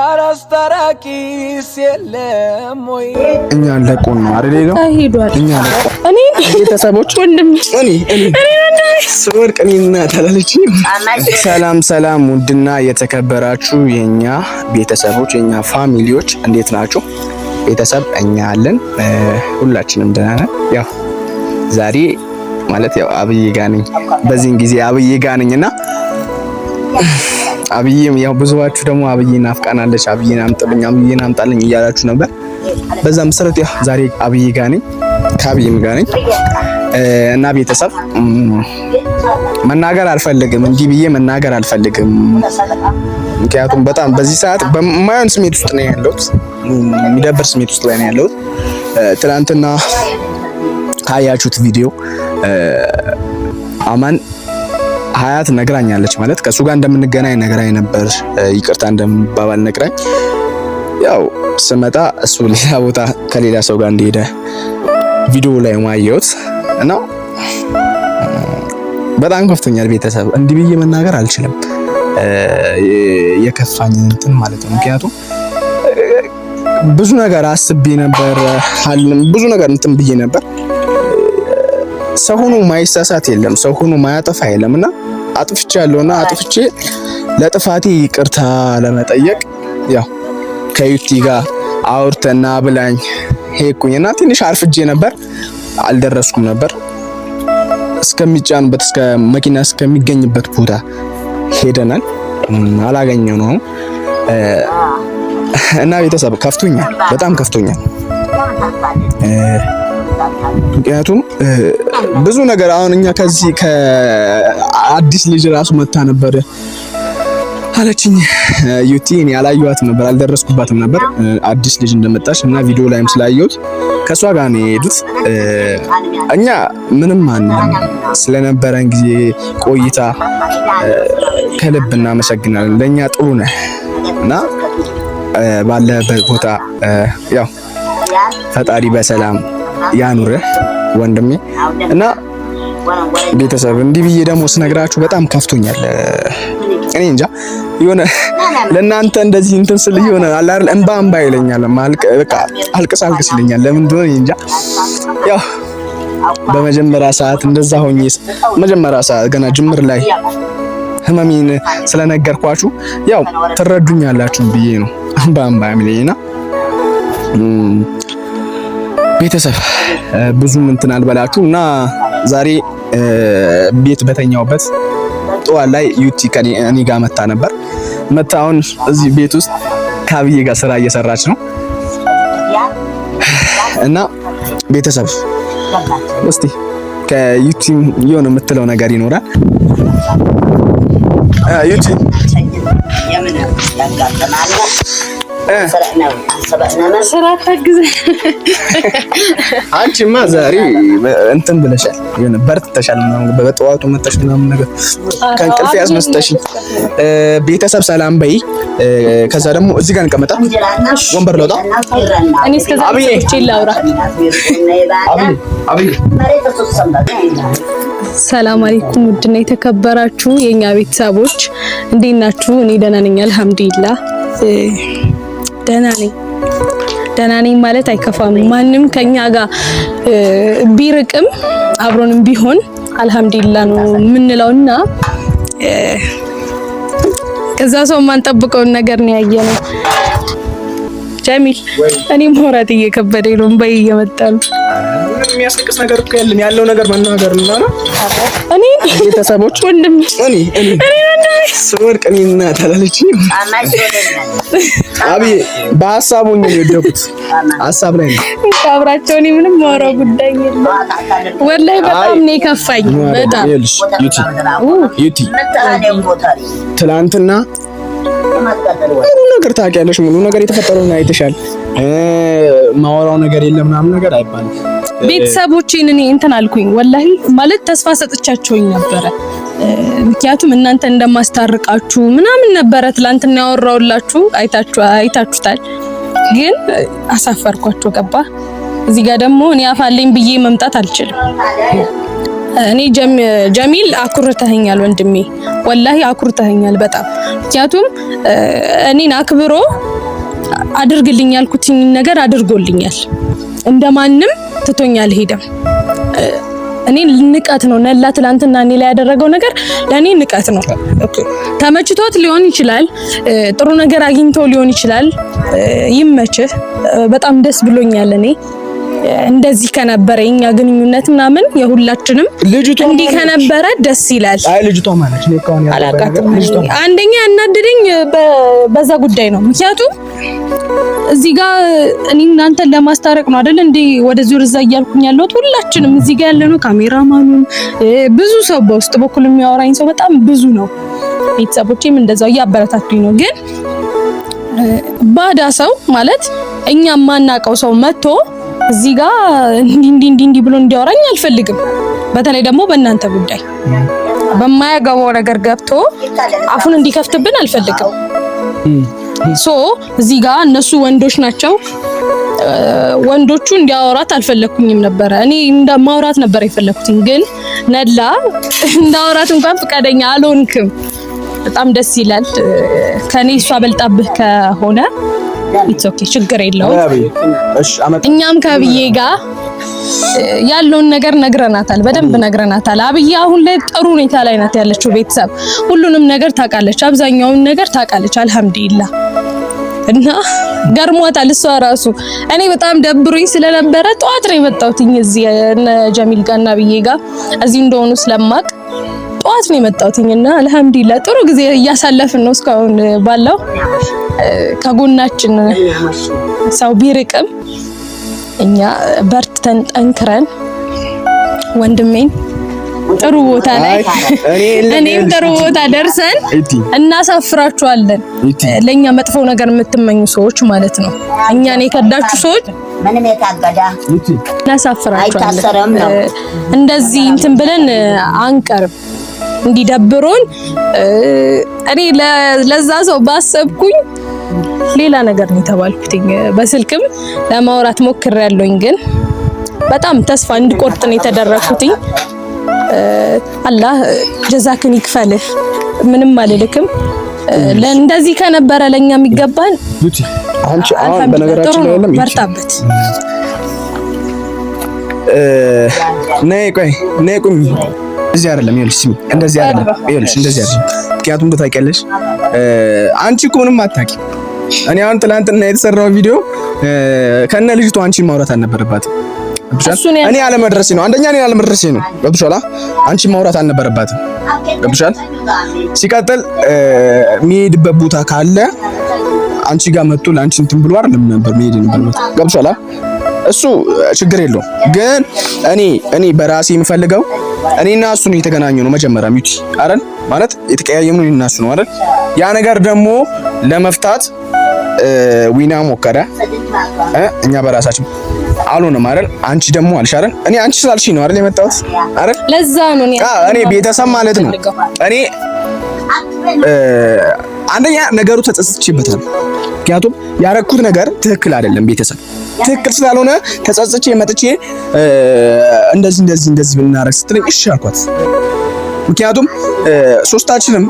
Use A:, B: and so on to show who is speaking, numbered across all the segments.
A: አራስታራቂ እኛ ነው አይደል? ሄዷል። እኛ እኔ ቤተሰቦች ወንድም እኔ ሰላም ሰላም፣ ውድና የተከበራችሁ የኛ ቤተሰቦች የኛ ፋሚሊዎች እንዴት ናችሁ? ቤተሰብ እኛ አለን፣ ሁላችንም ደህና ነን። ያው ዛሬ ማለት ያው አብይ ጋ ነኝ፣ በዚህን ጊዜ አብይ ጋ ነኝና አብይም ያው ብዙዋችሁ ደግሞ አብዬ ናፍቃናለች፣ አብዬን አምጥልኝ፣ አብዬን አምጣልኝ እያላችሁ ነበር። በዛ መሰረት ያው ዛሬ አብዬ ጋር ነኝ፣ ከአብዬም ነኝ እና ቤተሰብ መናገር አልፈልግም፣ እንዲህ ብዬ መናገር አልፈልግም። ምክንያቱም በጣም በዚህ ሰዓት በማይሆን ስሜት ውስጥ ነው ያለሁት፣ የሚደብር ስሜት ውስጥ ላይ ነው ያለሁት። ትናንትና ካያችሁት ቪዲዮ አማን ሀያት ነግራኛለች። ማለት ከእሱ ጋር እንደምንገናኝ ነግራኝ ነበር፣ ይቅርታ እንደምባባል ነግራኝ፣ ያው ስመጣ እሱ ሌላ ቦታ ከሌላ ሰው ጋር እንደሄደ ቪዲዮ ላይ ማየሁት እና በጣም ከፍቶኛል። ቤተሰብ እንዲህ ብዬ መናገር አልችልም፣ የከፋኝ እንትን ማለት ነው። ምክንያቱም ብዙ ነገር አስቤ ነበር፣ ብዙ ነገር እንትን ብዬ ነበር። ሰው ሆኖ ማይሳሳት የለም፣ ሰው ሆኖ ማያጠፋ የለም እና አጥፍቻለሁና አጥፍቼ ለጥፋቴ ይቅርታ ለመጠየቅ ያው ከዩቲ ጋር አውርተና ብላኝ ሄድኩኝና ትንሽ አርፍጄ ነበር፣ አልደረስኩም ነበር እስከሚጫኑበት እስከ መኪና እስከሚገኝበት ቦታ ሄደናል። አላገኘው ነው እና ቤተሰብ ከፍቶኛል፣ በጣም ከፍቶኛል። ምክንያቱም ብዙ ነገር አሁን እኛ ከዚህ ከአዲስ ልጅ ራሱ መታ ነበር አለችኝ። ዩቲ እኔ አላየኋትም ነበር አልደረስኩባትም ነበር አዲስ ልጅ እንደመጣች እና ቪዲዮ ላይም ስላየሁት ከእሷ ጋር ነው የሄዱት። እኛ ምንም አንልም። ስለነበረን ጊዜ ቆይታ ከልብ እናመሰግናለን። ለእኛ ጥሩ ነህ እና ባለበት ቦታ ያው ፈጣሪ በሰላም ያኑርህ ወንድሜ እና ቤተሰብ እንዲህ ብዬ ደግሞ ስነግራችሁ በጣም ከፍቶኛል። እኔ እንጃ የሆነ ለእናንተ እንደዚህ እንትን ስል የሆነ አላል እንባ እንባ ይለኛል። ማልቅ በቃ አልቅስ አልቅስ ይለኛል። ለምን እንደሆነ እንጃ። ያው በመጀመሪያ ሰዓት እንደዛ ሆኜ መጀመሪያ ሰዓት ገና ጅምር ላይ ህመሜን ስለነገርኳችሁ ያው ትረዱኛላችሁ ብዬ ነው እንባ እንባ የሚለኝና ቤተሰብ ብዙም እንትን አልበላችሁ እና ዛሬ ቤት በተኛውበት ጠዋት ላይ ዩቲ ከኔ ጋር መታ ነበር። መታ አሁን እዚህ ቤት ውስጥ ካብዬ ጋር ስራ እየሰራች ነው እና ቤተሰብ እስቲ ከዩቲ የሆነ የምትለው ነገር ይኖራል። ዩቲ ስራ ታግዘ አንቺማ ዛሬ እንትን ብለሻል፣ የሆነ በርትተሻል ምናምን በጠዋቱ ምናምን ነገር ከእንቅልፍ ቤተሰብ ሰላም በይ። ከዛ ደግሞ እዚህ ጋር እንቀመጣ ወንበር ለውጣ።
B: እኔ እስከዛ ላውራ። ሰላም አለይኩም ውድና የተከበራችሁ የኛ ቤተሰቦች እንዴት ናችሁ? እኔ ደህና ነኝ አልሐምዱሊላህ። ደህና ነኝ ደህና ነኝ ማለት አይከፋም። ማንም ከኛ ጋር ቢርቅም አብሮንም ቢሆን አልሐምዱሊላህ ነው እና ከዛ ሰው የማንጠብቀውን ነገር ነው ያየነው። ጀሚል እኔ ማውራት እየከበደኝ ነው። በይ እየመጣ ነው።
A: የሚያስለቅስ ነገር እኮ የለም። ያለው ነገር መናገር ነው ነው። እኔ ቤተሰቦች ወንድም እኔ እኔ ስወድቅ እኔ እናት አላለችኝም። አብይ በሀሳቡ ነው የወደኩት። ሀሳብ ላይ ነው
B: አብራቸው። እኔ ምንም ማውራው ጉዳይ የለም። ወላሂ በጣም ነው የከፋኝ።
A: በጣም ዩቲ ዩቲ ትላንትና ጥሩ ነገር ታውቂያለሽ፣ ሙሉ ነገር የተፈጠረውን አይተሻል። ማወራው ነገር የለም ምናምን ነገር አይባልም።
B: ቤተሰቦቼን እኔ እንትን አልኩኝ፣ ወላሂ ማለት ተስፋ ሰጥቻቸውኝ ነበረ። ምክንያቱም እናንተ እንደማስታርቃችሁ ምናምን ነበረ ትላንትና ያወራውላችሁ አይታችሁታል። ግን አሳፈርኳቸው። ገባ እዚህ ጋር ደግሞ እኔ አፋለኝ ብዬ መምጣት አልችልም። እኔ ጀሚል አኩርተኸኛል ወንድሜ፣ ወላሂ አኩርተኸኛል በጣም ምክንያቱም እኔን አክብሮ አድርግልኝ ያልኩትኝ ነገር አድርጎልኛል። እንደማንም ትቶኛ አልሄደም። እኔ ንቀት ነው ነላ ትላንትና እኔ ላይ ያደረገው ነገር ለእኔ ንቀት ነው። ተመችቶት ሊሆን ይችላል፣ ጥሩ ነገር አግኝቶ ሊሆን ይችላል። ይመችህ። በጣም ደስ ብሎኛል እኔ እንደዚህ ከነበረ የኛ ግንኙነት ምናምን የሁላችንም እንዲህ ከነበረ ደስ ይላል።
A: አይ ልጅቷ ማለች አላውቃትም።
B: አንደኛ ያናደደኝ በዛ ጉዳይ ነው። ምክንያቱም እዚህ ጋር እኔ እናንተን ለማስታረቅ ነው አይደል እንዴ ወደዚህ ወደዛ እያልኩኝ ያለሁት። ሁላችንም እዚህ ጋር ያለነው ካሜራማኑ ብዙ ሰው በውስጥ በኩል የሚያወራኝ ሰው በጣም ብዙ ነው። ቤተሰቦቼም እንደዛው እያበረታቱኝ ነው። ግን ባዳ ሰው ማለት እኛ የማናውቀው ሰው መጥቶ እዚህ ጋር እንዲህ እንዲህ እንዲህ ብሎ እንዲያወራኝ አልፈልግም። በተለይ ደግሞ በእናንተ ጉዳይ በማያገባው ነገር ገብቶ አፉን እንዲከፍትብን አልፈልግም። ሶ እዚህ ጋር እነሱ ወንዶች ናቸው። ወንዶቹ እንዲያወራት አልፈለኩኝም ነበረ። እኔ ማውራት ነበር የፈለኩትኝ፣ ግን ነላ እንዳወራት እንኳን ፈቃደኛ አልሆንክም። በጣም ደስ ይላል። ከኔ እሷ በልጣብህ ከሆነ ኢትስ ኦኬ፣ ችግር የለውም። እኛም ከአብዬ ጋር ያለውን ነገር ነግረናታል፣ በደንብ ነግረናታል። አብዬ አሁን ላይ ጥሩ ሁኔታ ላይ ናት ያለችው። ቤተሰብ ሁሉንም ነገር ታውቃለች፣ አብዛኛውን ነገር ታውቃለች። አልሐምዱሊላህ እና ገርሟታል እሷ ራሱ። እኔ በጣም ደብሮኝ ስለነበረ ጠዋት ነው የመጣሁት እዚህ እነ ጀሚል ጋር እና አብዬ ጋር እዚህ እንደሆኑ ስለማቅ ጠዋት ነው የመጣሁት እና አልሐምዱሊላህ ጥሩ ጊዜ እያሳለፍን ነው እስካሁን ባለው ከጎናችን ሰው ቢርቅም እኛ በርትተን ጠንክረን ወንድሜን ጥሩ ቦታ ላይ እኔም ጥሩ ቦታ ደርሰን እናሳፍራችኋለን። ለእኛ መጥፎ ነገር የምትመኙ ሰዎች ማለት ነው። እኛን የከዳችሁ ሰዎች እናሳፍራችኋለን። እንደዚህ እንትን ብለን አንቀርም። እንዲደብሮን እኔ ለዛ ሰው ባሰብኩኝ ሌላ ነገር ነው የተባልኩትኝ። በስልክም ለማውራት ሞክር ያለውኝ ግን በጣም ተስፋ እንድቆርጥ ነው የተደረኩትኝ። አላህ ጀዛክን ይክፈልህ። ምንም አልልክም። እንደዚህ ከነበረ ለኛ የሚገባን ቡቲ
A: አንቺ አሁን በነገራችን ላይ ለምን መርጣበት ነይ ቆይ ነይ ቁም። እዚህ አይደለም። ይኸውልሽ ስሚ፣ እንደዚህ አይደለም። ይኸውልሽ እንደዚህ አይደለም። ምክንያቱም ታውቂያለሽ፣ አንቺ እኮ ምንም አታውቂም እኔ አሁን ትላንትና የተሰራው ቪዲዮ ከነ ልጅቱ አንቺን ማውራት አልነበረባትም። እኔ አለመድረሴ ነው አንደኛ፣ እኔ አለመድረሴ ነው ገብቶሻል። አንቺ ማውራት አልነበረባትም ገብቶሻል። ሲቀጥል የሚሄድበት ቦታ ካለ አንቺ ጋር መጥቶ ለአንቺ እንትን ብሎ አይደለም ነበር መሄድ ነበር ገብቶሻል። እሱ ችግር የለውም ግን እኔ እኔ በራሴ የምፈልገው እኔና እሱ ነው የተገናኘው ነው መጀመሪያ ሚቲ አይደል ማለት የተቀያየምነው እኔና እሱ ነው አይደል ያ ነገር ደግሞ ለመፍታት ዊና ሞከረ። እኛ በራሳችን አልሆነም አይደል? አንቺ ደግሞ አልሽ አይደል? እኔ አንቺ ስላልሽኝ ነው አይደል የመጣሁት አይደል? ለዛ ነው እኔ ቤተሰብ ማለት ነው እኔ አንደኛ ነገሩ ተጸጽቼበታል። ምክንያቱም ያረኩት ነገር ትክክል አይደለም። ቤተሰብ ትክክል ስላልሆነ ተጸጽቼ መጥቼ እንደዚህ እንደዚህ እንደዚህ ብናረግ ስትለኝ እሺ አልኳት። ምክንያቱም ሶስታችንም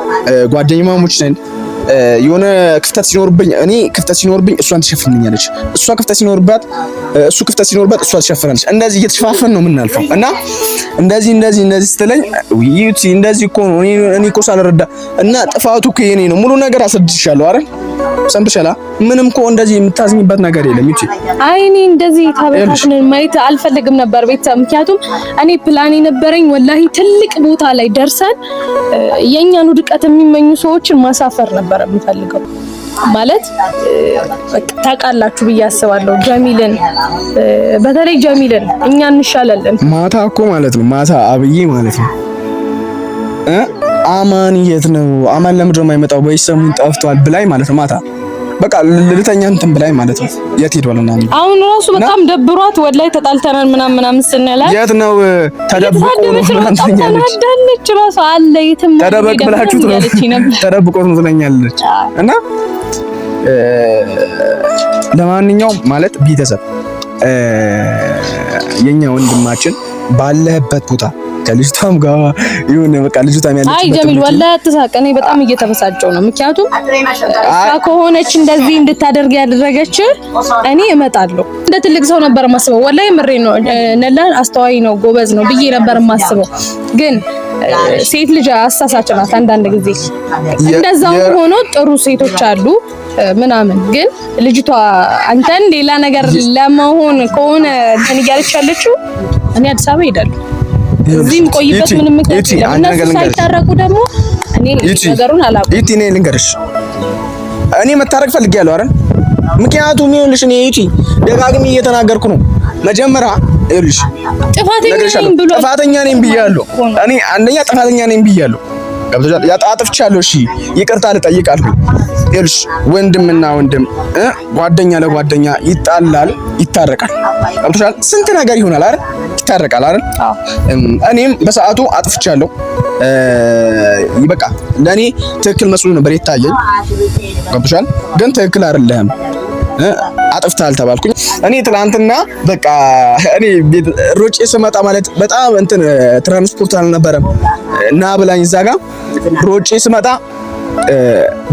A: ጓደኛሞች ነን። የሆነ ክፍተት ሲኖርብኝ እኔ ክፍተት ሲኖርብኝ እሷን ትሸፍንልኛለች፣ እሷ ክፍተት ሲኖርባት እሱ ክፍተት ሲኖርባት እሷ ትሸፍናለች። እንደዚህ እየተሸፋፈን ነው የምናልፈው እና እንደዚህ እንደዚህ እንደዚህ ስትለኝ እንደዚህ እኮ ነው እኔ እኮ ሳልረዳ እና ጥፋቱ እኮ የኔ ነው። ሙሉ ነገር አስረድሻለሁ አይደል ሰምተሻላ? ምንም እኮ እንደዚህ የምታዝኝበት ነገር የለም። እቺ
B: አይኔ እንደዚህ ታበታችን ማየት አልፈልግም ነበር ቤተሰብ። ምክንያቱም እኔ ፕላን የነበረኝ ወላሂ ትልቅ ቦታ ላይ ደርሰን የእኛን ውድቀት የሚመኙ ሰዎችን ማሳፈር ነበር የምፈልገው። ማለት ታውቃላችሁ ብዬ አስባለሁ። ጀሚልን በተለይ ጀሚልን እኛ እንሻላለን።
A: ማታ እኮ ማለት ነው ማታ አብዬ ማለት ነው አማን የት ነው አማን ለምድሮ የማይመጣው ወይ ሰሙን ጠፍቷል ብላኝ ማለት ነው። ማታ በቃ ልተኛ እንትን ብላኝ ማለት ነው። የት ሄዷል ምናምን
B: አሁን ራሱ በጣም ደብሯት ወላይ ተጣልተናል ምናምን ምናምን ስንላት
A: የት ነው ተደብቆ
B: ትለኛለች። ራሱ አለ የትም
A: ተደበቅ ብላችሁት ነው ተደብቆ ትለኛለች። እና ለማንኛውም ማለት ቤተሰብ የኛ ወንድማችን ባለህበት ቦታ ከልጅቷም ጋር ይሁን በቃ ልጅቷም
B: ያለች። አይ ጀሚል ወላሂ አትሳቅ። እኔ በጣም እየተበሳጨው ነው፣ ምክንያቱም ከሆነች እንደዚህ እንድታደርግ ያደረገች እኔ እመጣለሁ። እንደ ትልቅ ሰው ነበር ማስበው፣ ወላሂ ምሬ ነው። ነላ አስተዋይ ነው ጎበዝ ነው ብዬ ነበር ማስበው ግን ሴት ልጅ አሳሳች ናት። አንዳንድ ጊዜ እንደዛው ሆኖ ጥሩ ሴቶች አሉ ምናምን። ግን ልጅቷ አንተን ሌላ ነገር ለመሆን ከሆነ እንትን እያለች ያለችው እኔ አዲስ አበባ እሄዳለሁ። እዚህም ቆይበት
A: እኔ ልንገርሽ፣ እኔ መታረቅ ፈልጌያለሁ አይደል? ምክንያቱም ይኸውልሽ፣ እኔ ይቺ ደጋግሜ እየተናገርኩ ነው። መጀመሪያ ይኸውልሽ፣
B: ጥፋተኛ ነኝ ብያለሁ።
A: እኔ አንደኛ ጥፋተኛ ነኝ ብያለሁ። ገብቶሻል? ያጣጥፍቻለሁ። እሺ ይቅርታ ልጠይቅ ይኸውልሽ ወንድምና ወንድም ጓደኛ ለጓደኛ ይጣላል፣ ይታረቃል። አብቶሻል ስንት ነገር ይሆናል አይደል? ይታረቃል አይደል? እኔም በሰዓቱ አጥፍቻለሁ። ይበቃ ለኔ ትክክል መስሎ ነበር የታየኝ። ገብቶሻል? ግን ትክክል አይደለህም አጥፍታል ተባልኩኝ። እኔ ትላንትና በቃ እኔ ሮጬ ስመጣ ማለት በጣም እንትን ትራንስፖርት አልነበረም እና ብላኝ እዛ ጋ ስመጣ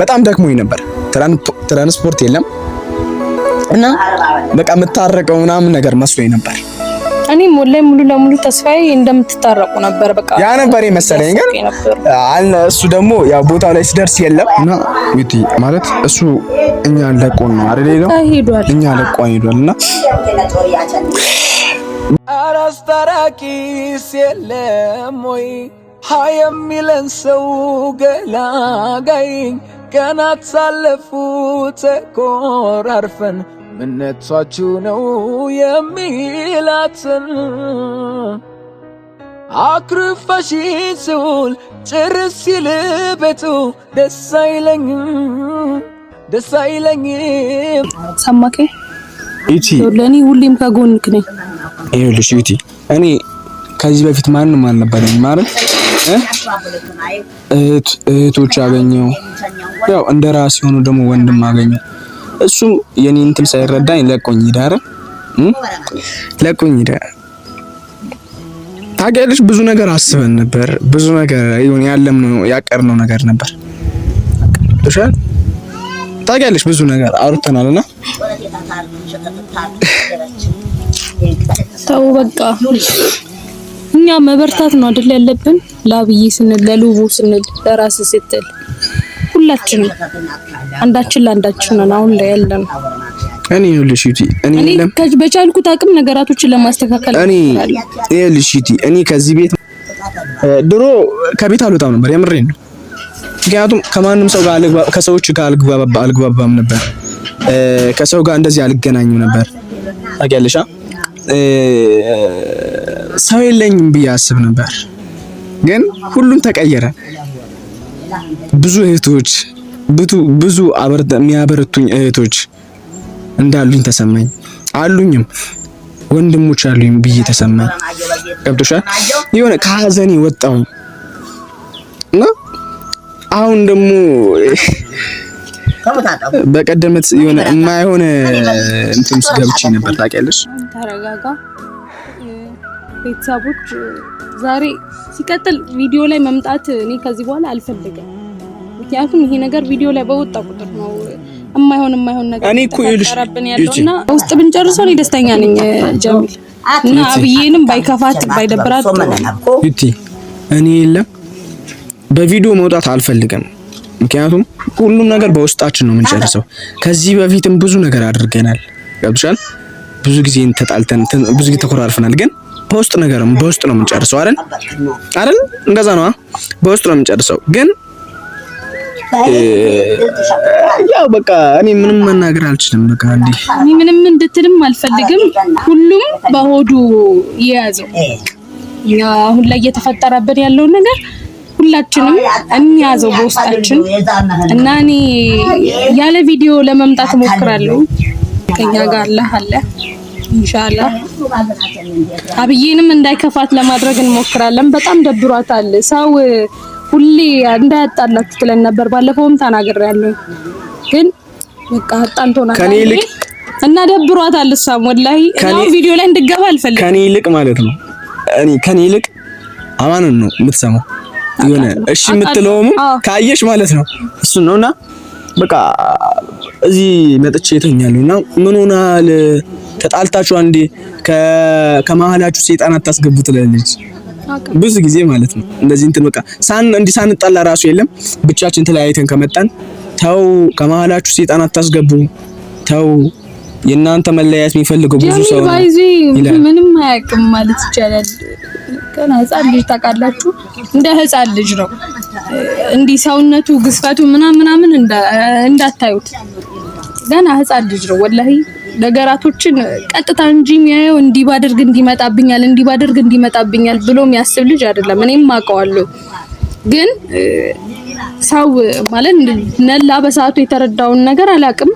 A: በጣም ደክሞኝ ነበር። ትራንስፖርት የለም እና በቃ የምታረቀው ምናምን ነገር መስሎኝ ነበር።
B: እኔ ሞላይ ሙሉ ለሙሉ ተስፋዬ እንደምትታረቁ ነበር። በቃ
A: ያ ነበር የመሰለኝ፣ ግን አለ እሱ ደግሞ ያው ቦታው ላይ ሲደርስ የለም እና ዊቲ ማለት እሱ እኛ ለቆን ነው አይደል?
B: የለም
A: እኛ ለቆን ሄዷልና አራስታራቂስ የለም ወይ ሀ የሚለን ሰው ገላጋይ ቀናት ሳለፉ ተቆራርፈን
B: ምነቷችሁ ነው የሚላትን አኩርፋሽ ስውል ጭርስ ሲል ቤቱ ደስ አይለኝም ደስ አይለኝም። ሰማከ ዩቲ ለእኔ ሁሌም ከጎንክ ነኝ።
A: ይኸውልሽ ዩቲ እኔ ከዚህ በፊት ማንም አልነበረኝ ማለት እህቶች አገኘው ያው እንደ ራሴ ሆኖ ደግሞ ወንድም አገኘ። እሱም የኔ እንትን ሳይረዳኝ ለቆኝ ሄደ። አረ ለቆኝ ሄደ። ታውቂያለሽ፣ ብዙ ነገር አስበን ነበር። ብዙ ነገር ይሁን ያለምነው ያቀርነው ነገር ነበር። እሻል ታውቂያለሽ፣ ብዙ ነገር አውርተናልና
B: ተው በቃ እኛ መበርታት ነው አይደል ያለብን። ላብዬ ስንል ለልቡ ስንል ለራስ ስትል ሁላችንም አንዳችን ለአንዳችን ነን አሁን ላይ
A: እኔ ይኸውልሽ ዩቲ እኔ
B: በቻልኩት አቅም ነገራቶችን ለማስተካከል
A: እኔ ይኸውልሽ ዩቲ እኔ ከዚህ ቤት ድሮ ከቤት አልወጣም ነበር። የምሬን ነው። ምክንያቱም ከማንም ሰው ጋር ከሰዎች ጋር አልግባባም ነበር። ከሰው ጋር እንደዚህ አልገናኝም ነበር። ታውቂያለሽ፣ ሰው የለኝም ብዬ አስብ ነበር። ግን ሁሉም ተቀየረ። ብዙ እህቶች ብዙ ብዙ የሚያበረቱኝ እህቶች እንዳሉኝ ተሰማኝ። አሉኝም ወንድሞች አሉኝ ብዬ ተሰማኝ። ገብቶሻል? የሆነ ከሀዘኔ ወጣሁ እና አሁን ደግሞ በቀደመት የሆነ የማይሆነ እንትን ውስጥ ገብቼ ነበር። ታውቂያለሽ?
B: ቤተሰቦች ዛሬ ሲቀጥል ቪዲዮ ላይ መምጣት እኔ ከዚህ በኋላ አልፈልግም። ምክንያቱም ይሄ ነገር ቪዲዮ ላይ በወጣ ቁጥር ነው የማይሆን የማይሆን ነገር እኔ ያለውና ውስጥ ብንጨርሰው እኔ ደስተኛ ነኝ። ጀሚል እና አብዬንም ባይከፋት ባይደብራት
A: ዩቲ እኔ የለም በቪዲዮ መውጣት አልፈልግም። ምክንያቱም ሁሉም ነገር በውስጣችን ነው የምንጨርሰው። ከዚህ በፊትም ብዙ ነገር አድርገናል። ገብቶሻል? ብዙ ጊዜ ተጣልተን ብዙ ጊዜ ተኮራርፈናል ግን በውስጥ ነገር በውስጥ ነው የምንጨርሰው አይደል? አይደል? እንደዛ ነው። በውስጥ ነው የምንጨርሰው ግን ያው በቃ እኔ ምንም መናገር አልችልም። በቃ እንዴ
B: እኔ ምንም እንድትልም አልፈልግም። ሁሉም በሆዱ የያዘው አሁን ላይ እየተፈጠረበት ያለውን ነገር ሁላችንም እንያዘው በውስጣችን እና እኔ ያለ ቪዲዮ ለመምጣት እሞክራለሁ። ከኛ ጋር አለ አለ ኢንሻአላህ አብዬንም እንዳይከፋት ለማድረግ እንሞክራለን። በጣም ደብሯታል። ሰው ሁሌ እንዳያጣላት ትለን ነበር። ባለፈውም ተናግሬያለሁ። ግን በቃ አጣልቶና እና ደብሯታል። እሷም ወላሂ ነው ቪዲዮ ላይ እንድገባ አልፈልግም።
A: ከኔ ይልቅ ማለት ነው እኔ ከኔ ይልቅ አማኑን ነው የምትሰማው። የሆነ እሺ የምትለውም ካየሽ ማለት ነው እሱን ነውና በቃ እዚህ መጥቼ እተኛለሁ ምን ሆናል ተጣልታችሁ አንዴ ከመሀላችሁ ሰይጣን አታስገቡ ትላለች። ብዙ ጊዜ ማለት ነው እንደዚህ እንትን በቃ ሳን እንዲህ ሳንጣላ ራሱ የለም ብቻችን ተለያይተን ከመጣን ተው፣ ከመሀላችሁ ሰይጣን አታስገቡ ተው የእናንተ መለያየት የሚፈልገው ብዙ ሰው
B: ነው ይላል። ምንም አያውቅም ማለት ይቻላል። ገና ህፃን ልጅ ታውቃላችሁ፣ እንደ ህፃን ልጅ ነው እንዲህ ሰውነቱ ግዝፈቱ ምናምን ምናምን እንዳታዩት ገና ህፃን ልጅ ነው ወላሂ ነገራቶችን ቀጥታ እንጂ የሚያየው እንዲህ ባደርግ እንዲመጣብኛል እንዲህ ባደርግ እንዲመጣብኛል ብሎ የሚያስብ ልጅ አይደለም። እኔም አውቀዋለሁ። ግን ሰው ማለት ነላ በሰዓቱ የተረዳውን ነገር አላውቅም።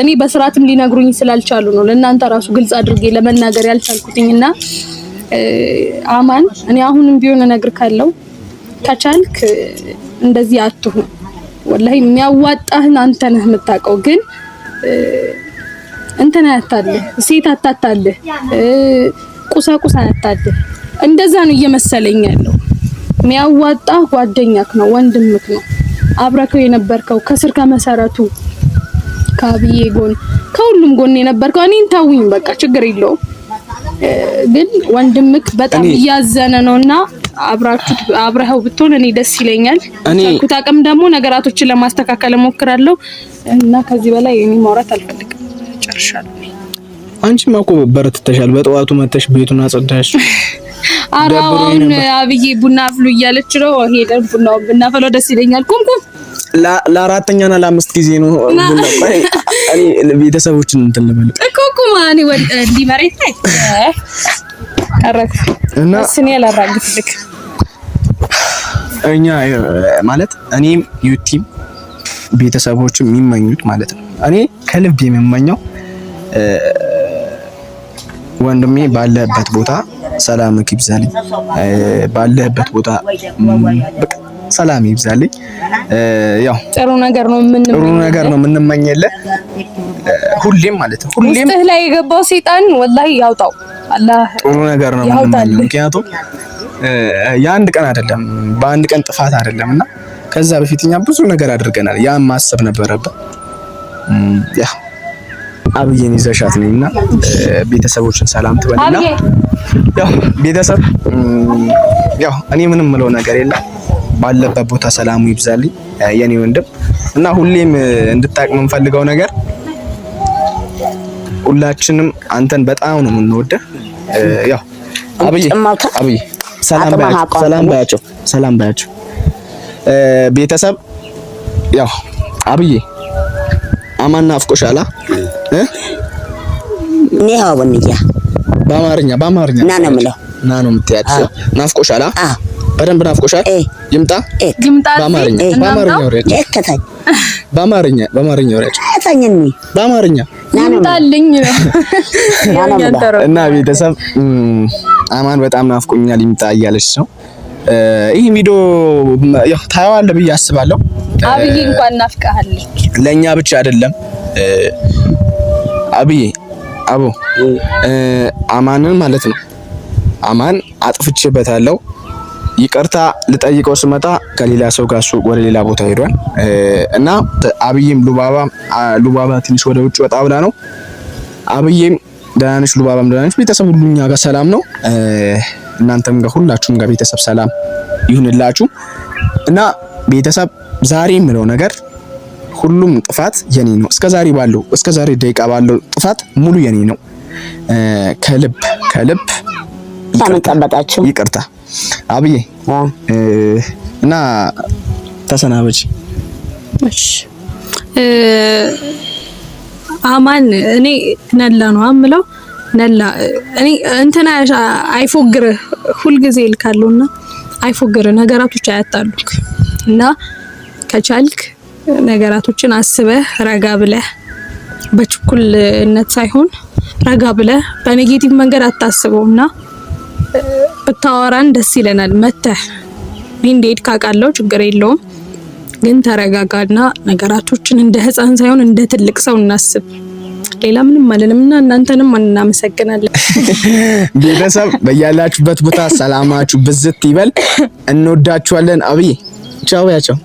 B: እኔ በስርዓትም ሊነግሩኝ ስላልቻሉ ነው ለእናንተ ራሱ ግልጽ አድርጌ ለመናገር ያልቻልኩትኝና አማን፣ እኔ አሁንም ቢሆን ነገር ካለው ከቻልክ እንደዚህ አትሁን። ወላሂ የሚያዋጣህን አንተ ነህ የምታውቀው ግን እንትን አያታለህ፣ ሴት አታታለህ፣ ቁሳቁስ አያታለህ። እንደዛ ነው እየመሰለኝ ያለው። የሚያዋጣ ጓደኛክ ነው፣ ወንድምክ ነው፣ አብረከው የነበርከው ከስር ከመሰረቱ ከአብዬ ጎን ከሁሉም ጎን የነበርከው። እኔን ታውኝ በቃ ችግር የለውም ግን ወንድምክ በጣም እያዘነ ነውና አብራችሁ አብረኸው ብትሆን እኔ ደስ ይለኛል። ቻልኩት አቅም ደግሞ ነገራቶችን ለማስተካከል እሞክራለሁ እና ከዚህ በላይ እኔ ማውራት አልፈልግም። ጨርሻለሁ።
A: አንቺማ እኮ በረትተሻል። በጠዋቱ መተሽ ቤቱን አጸዳሽ።
B: ኧረ አሁን አብዬ ቡና አፍሉ እያለች ነው። ሄደን ቡናውን ብናፈለው ደስ ይለኛል። ቁምቁም
A: ለአራተኛና ለአምስት ጊዜ ነው ቡና። ቆይ እኔ ቤተሰቦችን እንትን ልበል
B: እኮ ቁማ እኔ እንዲህ መሬት ላይ አረግፍ እና ስኔ ያላራግፍልክ
A: እኛ ማለት እኔም ዩቲም ቤተሰቦችም የሚመኙት ማለት ነው እኔ ከልብ የምመኘው ወንድሜ ባለህበት ቦታ ሰላም ይብዛልኝ። ባለህበት ቦታ በቃ ሰላም ይብዛልኝ። ያው
B: ጥሩ ነገር ነው ምን
A: ጥሩ ነገር ነው የምንመኘልህ ሁሌም ማለት ነው። ሁሌም
B: ውስጥህ ላይ የገባው ሰይጣን ወላሂ ያውጣው አላህ።
A: ጥሩ ነገር ነው የምንመኘው፣ ምክንያቱም የአንድ ቀን አይደለም በአንድ ቀን ጥፋት አይደለም እና ከዛ በፊት እኛ ብዙ ነገር አድርገናል። ያን ማሰብ ነበረብን ያ አብዬን ይዘሻት ነኝ እና ቤተሰቦችን ሰላም ትበልና፣ ያው ቤተሰብ ያው እኔ ምንም ምለው ነገር የለም። ባለበት ቦታ ሰላሙ ይብዛልኝ የኔ ወንድም እና ሁሌም እንድታቅ የምንፈልገው ነገር ሁላችንም አንተን በጣም ነው የምንወደ ያው አብዬ አብዬ ሰላም ባያቸው፣ ሰላም ባያቸው፣ ሰላም ባያቸው ቤተሰብ ያው አብዬ አማና አፍቆሻላ
B: እኔ ያው ወንጃ
A: በአማርኛ በአማርኛ ና ነው የምለው ና ነው የምትያት። ናፍቆሻል? አዎ በደንብ ናፍቆሻል። ይምጣ ይምጣ። በአማርኛ በአማርኛ ወሬያቸው እከታኝ በአማርኛ በአማርኛ ወሬያቸው እከታኝ በአማርኛ ይምጣልኝ እና ቤተሰብ አማን በጣም ናፍቆኛል ይምጣ እያለች ነው። ይህን ቪዲዮ ታየዋለህ ብዬ አስባለሁ።
B: አብይ እንኳን ናፍቀሃለች።
A: ለእኛ ብቻ አይደለም አብዬ አቦ አማንን ማለት ነው። አማን አጥፍቼበታለሁ። ይቅርታ ልጠይቀው ስመጣ ከሌላ ሰው ጋር እሱ ወደ ሌላ ቦታ ሄዷል እና አብዬም ሉባባ ሉባባ ትንሽ ወደ ውጭ ወጣ ብላ ነው። አብዬም ደህና ነች፣ ሉባባም ደህና ነች። ቤተሰብ ሁሉ እኛ ጋር ሰላም ነው። እናንተም ጋር ሁላችሁም ጋር ቤተሰብ ሰላም ይሁንላችሁ እና ቤተሰብ ዛሬ የምለው ነገር ሁሉም ጥፋት የኔ ነው። እስከ ዛሬ ባለው እስከ ዛሬ ደቂቃ ባለው ጥፋት ሙሉ የኔ ነው። ከልብ ከልብ ታመጣጣችሁ ይቅርታ አብዬ እና ተሰናበች።
B: እሺ አማን እኔ ነላ ነው አምለው ነላ እኔ እንትና አይፎግርህ ሁልጊዜ ይልካሉና አይፎግር ነገራቶች አያጣሉክ እና ከቻልክ ነገራቶችን አስበህ ረጋ ብለህ በችኩልነት ሳይሆን ረጋ ብለህ በኔጌቲቭ መንገድ አታስበው እና ብታወራን ደስ ይለናል። መተህ እኔ እንደሄድ ካቃለው ችግር የለውም ግን ተረጋጋና ነገራቶችን እንደ ህፃን ሳይሆን እንደ ትልቅ ሰው እናስብ። ሌላ ምንም አለንም እና እናንተንም እናመሰግናለን።
A: ቤተሰብ በያላችሁበት ቦታ ሰላማችሁ ብዝት ይበል። እንወዳችኋለን። አብይ ቻው ያቸው